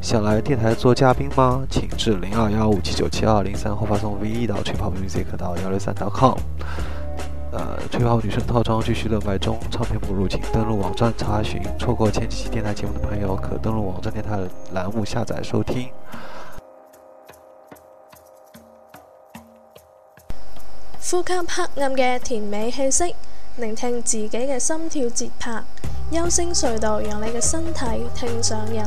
想來電台做嘉賓嗎？請至零二幺五七九七二零三後發送 V 一到吹泡 music 到幺六三 .com。呃，吹泡女生套裝繼續熱賣中，唱片目錄請登錄網站查詢。錯過前幾期電台節目的朋友，可登錄網站電台欄目下載收聽。呼吸黑暗嘅甜美氣息，聆聽自己嘅心跳節拍，幽聲隧道讓你嘅身體聽上癮。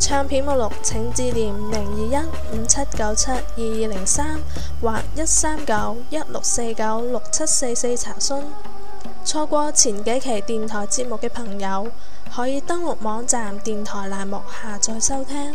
唱片目錄，請致電零二一五七九七二二零三或一三九一六四九六七四四查詢。錯過前幾期電台節目嘅朋友，可以登錄網站電台欄目下載收聽。